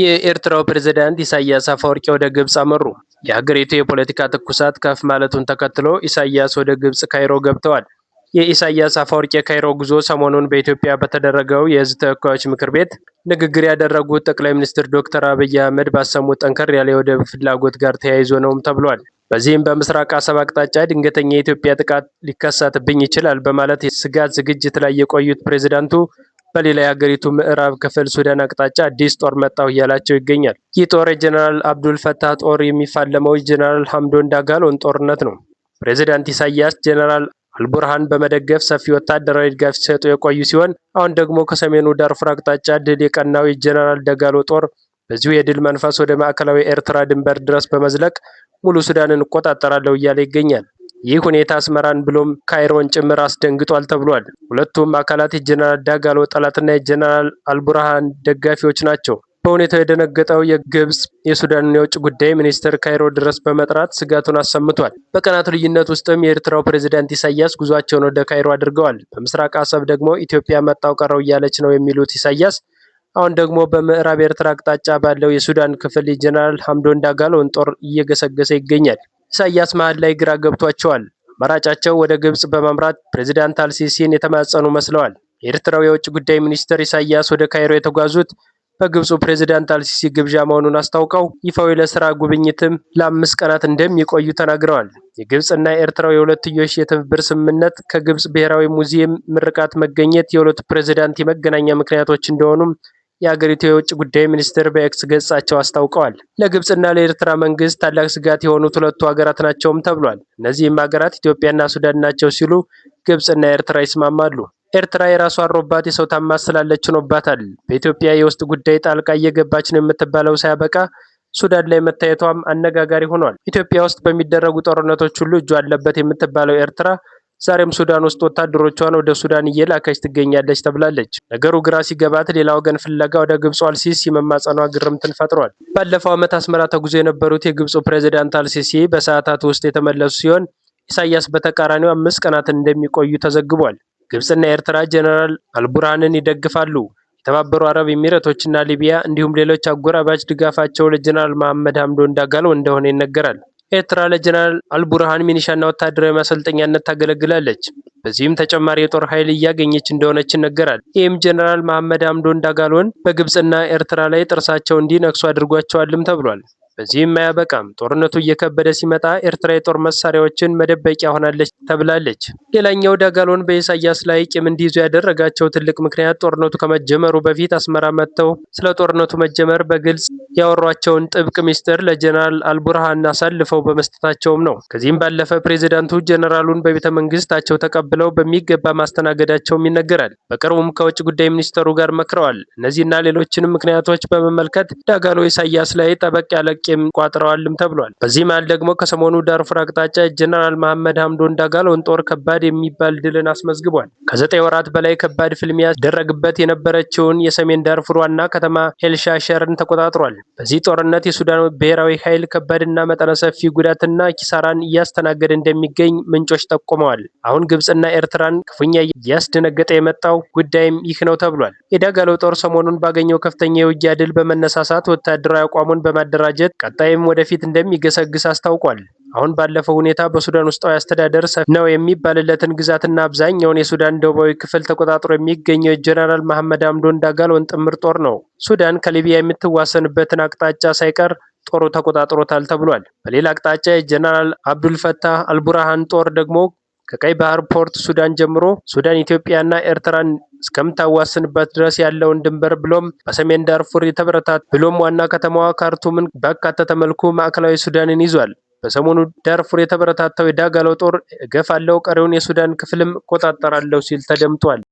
የኤርትራው ፕሬዝዳንት ኢሳያስ አፈወርቂ ወደ ግብፅ አመሩ። የሀገሪቱ የፖለቲካ ትኩሳት ከፍ ማለቱን ተከትሎ ኢሳያስ ወደ ግብፅ ካይሮ ገብተዋል። የኢሳያስ አፈወርቂ የካይሮ ጉዞ ሰሞኑን በኢትዮጵያ በተደረገው የሕዝብ ተወካዮች ምክር ቤት ንግግር ያደረጉት ጠቅላይ ሚኒስትር ዶክተር አብይ አህመድ ባሰሙት ጠንከር ያለ የወደብ ፍላጎት ጋር ተያይዞ ነውም ተብሏል። በዚህም በምስራቅ አሰብ አቅጣጫ ድንገተኛ የኢትዮጵያ ጥቃት ሊከሰትብኝ ይችላል በማለት ስጋት ዝግጅት ላይ የቆዩት ፕሬዝዳንቱ በሌላ የሀገሪቱ ምዕራብ ክፍል ሱዳን አቅጣጫ አዲስ ጦር መጣሁ እያላቸው ይገኛል። ይህ ጦር የጀነራል አብዱልፈታህ ጦር የሚፋለመው ጀነራል ሐምዶን ዳጋሎን ጦርነት ነው። ፕሬዚዳንት ኢሳያስ ጀነራል አልቡርሃን በመደገፍ ሰፊ ወታደራዊ ድጋፍ ሲሰጡ የቆዩ ሲሆን አሁን ደግሞ ከሰሜኑ ዳርፉር አቅጣጫ ድል የቀናው የጀነራል ደጋሎ ጦር በዚሁ የድል መንፈስ ወደ ማዕከላዊ ኤርትራ ድንበር ድረስ በመዝለቅ ሙሉ ሱዳንን እቆጣጠራለሁ እያለ ይገኛል። ይህ ሁኔታ አስመራን ብሎም ካይሮን ጭምር አስደንግጧል ተብሏል። ሁለቱም አካላት የጀነራል ዳጋሎ ጠላትና የጀነራል አልቡርሃን ደጋፊዎች ናቸው። በሁኔታው የደነገጠው የግብፅ የሱዳንን የውጭ ጉዳይ ሚኒስትር ካይሮ ድረስ በመጥራት ስጋቱን አሰምቷል። በቀናት ልዩነት ውስጥም የኤርትራው ፕሬዚዳንት ኢሳያስ ጉዟቸውን ወደ ካይሮ አድርገዋል። በምስራቅ አሰብ ደግሞ ኢትዮጵያ መጣው ቀረው እያለች ነው የሚሉት ኢሳያስ አሁን ደግሞ በምዕራብ ኤርትራ አቅጣጫ ባለው የሱዳን ክፍል የጀነራል ሐምዶን ዳጋሎን ጦር እየገሰገሰ ይገኛል። ኢሳያስ መሀል ላይ ግራ ገብቷቸዋል። አማራጫቸው ወደ ግብጽ በማምራት ፕሬዚዳንት አልሲሲን የተማጸኑ መስለዋል። የኤርትራው የውጭ ጉዳይ ሚኒስትር ኢሳያስ ወደ ካይሮ የተጓዙት በግብፁ ፕሬዚዳንት አልሲሲ ግብዣ መሆኑን አስታውቀው ይፋዊ ለስራ ጉብኝትም ለአምስት ቀናት እንደሚቆዩ ተናግረዋል። የግብፅና ኤርትራው የሁለትዮሽ የትብብር ስምምነት ከግብፅ ብሔራዊ ሙዚየም ምርቃት መገኘት የሁለቱ ፕሬዚዳንት የመገናኛ ምክንያቶች እንደሆኑም የአገሪቱ የውጭ ጉዳይ ሚኒስትር በኤክስ ገጻቸው አስታውቀዋል። ለግብፅና ለኤርትራ መንግስት ታላቅ ስጋት የሆኑት ሁለቱ ሀገራት ናቸውም ተብሏል። እነዚህም ሀገራት ኢትዮጵያና ሱዳን ናቸው ሲሉ ግብፅና ኤርትራ ይስማማሉ። ኤርትራ የራሷ አሮባት የሰው ታማስ ስላለች በኢትዮጵያ የውስጥ ጉዳይ ጣልቃ እየገባች ነው የምትባለው ሳያበቃ ሱዳን ላይ መታየቷም አነጋጋሪ ሆኗል። ኢትዮጵያ ውስጥ በሚደረጉ ጦርነቶች ሁሉ እጁ አለበት የምትባለው ኤርትራ ዛሬም ሱዳን ውስጥ ወታደሮቿን ወደ ሱዳን እየላከች ትገኛለች ተብላለች። ነገሩ ግራ ሲገባት ሌላ ወገን ፍለጋ ወደ ግብፁ አልሲሲ መማጸኗ ግርምትን ፈጥሯል። ባለፈው ዓመት አስመራ ተጉዞ የነበሩት የግብፁ ፕሬዚዳንት አልሲሲ በሰዓታት ውስጥ የተመለሱ ሲሆን ኢሳያስ በተቃራኒው አምስት ቀናትን እንደሚቆዩ ተዘግቧል። ግብፅና ኤርትራ ጀኔራል አልቡርሃንን ይደግፋሉ። የተባበሩ አረብ ኤሚሬቶችና ሊቢያ እንዲሁም ሌሎች አጎራባች ድጋፋቸው ለጀነራል መሐመድ ሀምዶን እንዳጋለው እንደሆነ ይነገራል። ኤርትራ ለጀነራል አልቡርሃን ሚኒሻና ወታደራዊ ማሰልጠኛነት ታገለግላለች። በዚህም ተጨማሪ የጦር ኃይል እያገኘች እንደሆነች ይነገራል። ይህም ጀነራል መሐመድ አምዶን ዳጋሎን በግብጽና ኤርትራ ላይ ጥርሳቸው እንዲነክሱ አድርጓቸዋልም ተብሏል። በዚህም አያበቃም። ጦርነቱ እየከበደ ሲመጣ ኤርትራ የጦር መሳሪያዎችን መደበቂያ ሆናለች ተብላለች። ሌላኛው ዳጋሎን በኢሳያስ ላይ ቂም እንዲይዙ ያደረጋቸው ትልቅ ምክንያት ጦርነቱ ከመጀመሩ በፊት አስመራ መጥተው ስለ ጦርነቱ መጀመር በግልጽ ያወሯቸውን ጥብቅ ሚስጥር ለጀነራል አልቡርሃን አሳልፈው በመስጠታቸውም ነው። ከዚህም ባለፈ ፕሬዚዳንቱ ጀነራሉን በቤተ መንግስታቸው ተቀብለው በሚገባ ማስተናገዳቸውም ይነገራል። በቅርቡም ከውጭ ጉዳይ ሚኒስተሩ ጋር መክረዋል። እነዚህና ሌሎችንም ምክንያቶች በመመልከት ዳጋሎ ኢሳያስ ላይ ጠበቅ ያለ ጥያቄም ቋጥረዋልም ተብሏል። በዚህ መሃል ደግሞ ከሰሞኑ ዳርፉር አቅጣጫ ጀነራል መሐመድ ሀምዶን ዳጋሎን ጦር ከባድ የሚባል ድልን አስመዝግቧል። ከዘጠኝ ወራት በላይ ከባድ ፍልሚያ ደረግበት የነበረችውን የሰሜን ዳርፉር ዋና ከተማ ኤልሻሸርን ተቆጣጥሯል። በዚህ ጦርነት የሱዳን ብሔራዊ ኃይል ከባድና መጠነ ሰፊ ጉዳትና ኪሳራን እያስተናገደ እንደሚገኝ ምንጮች ጠቁመዋል። አሁን ግብፅና ኤርትራን ክፉኛ እያስደነገጠ የመጣው ጉዳይም ይህ ነው ተብሏል። የዳጋሎ ጦር ሰሞኑን ባገኘው ከፍተኛ የውጊያ ድል በመነሳሳት ወታደራዊ አቋሙን በማደራጀት ቀጣይም ወደፊት እንደሚገሰግስ አስታውቋል። አሁን ባለፈው ሁኔታ በሱዳን ውስጣዊ አስተዳደር ነው የሚባልለትን ግዛትና አብዛኛውን የሱዳን ደቡባዊ ክፍል ተቆጣጥሮ የሚገኘው የጀነራል መሐመድ አምዶን ዳጋሎን ጥምር ጦር ነው። ሱዳን ከሊቢያ የምትዋሰንበትን አቅጣጫ ሳይቀር ጦሩ ተቆጣጥሮታል ተብሏል። በሌላ አቅጣጫ የጀነራል አብዱልፈታህ አልቡርሃን ጦር ደግሞ ከቀይ ባህር ፖርት ሱዳን ጀምሮ ሱዳን ኢትዮጵያና ኤርትራን እስከምታዋስንበት ድረስ ያለውን ድንበር ብሎም በሰሜን ዳርፉር የተበረታት ብሎም ዋና ከተማዋ ካርቱምን ባካተተ መልኩ ማዕከላዊ ሱዳንን ይዟል። በሰሞኑ ዳርፉር የተበረታተው የዳጋሎ ጦር እገፋለሁ፣ ቀሪውን የሱዳን ክፍልም እቆጣጠራለሁ ሲል ተደምጧል።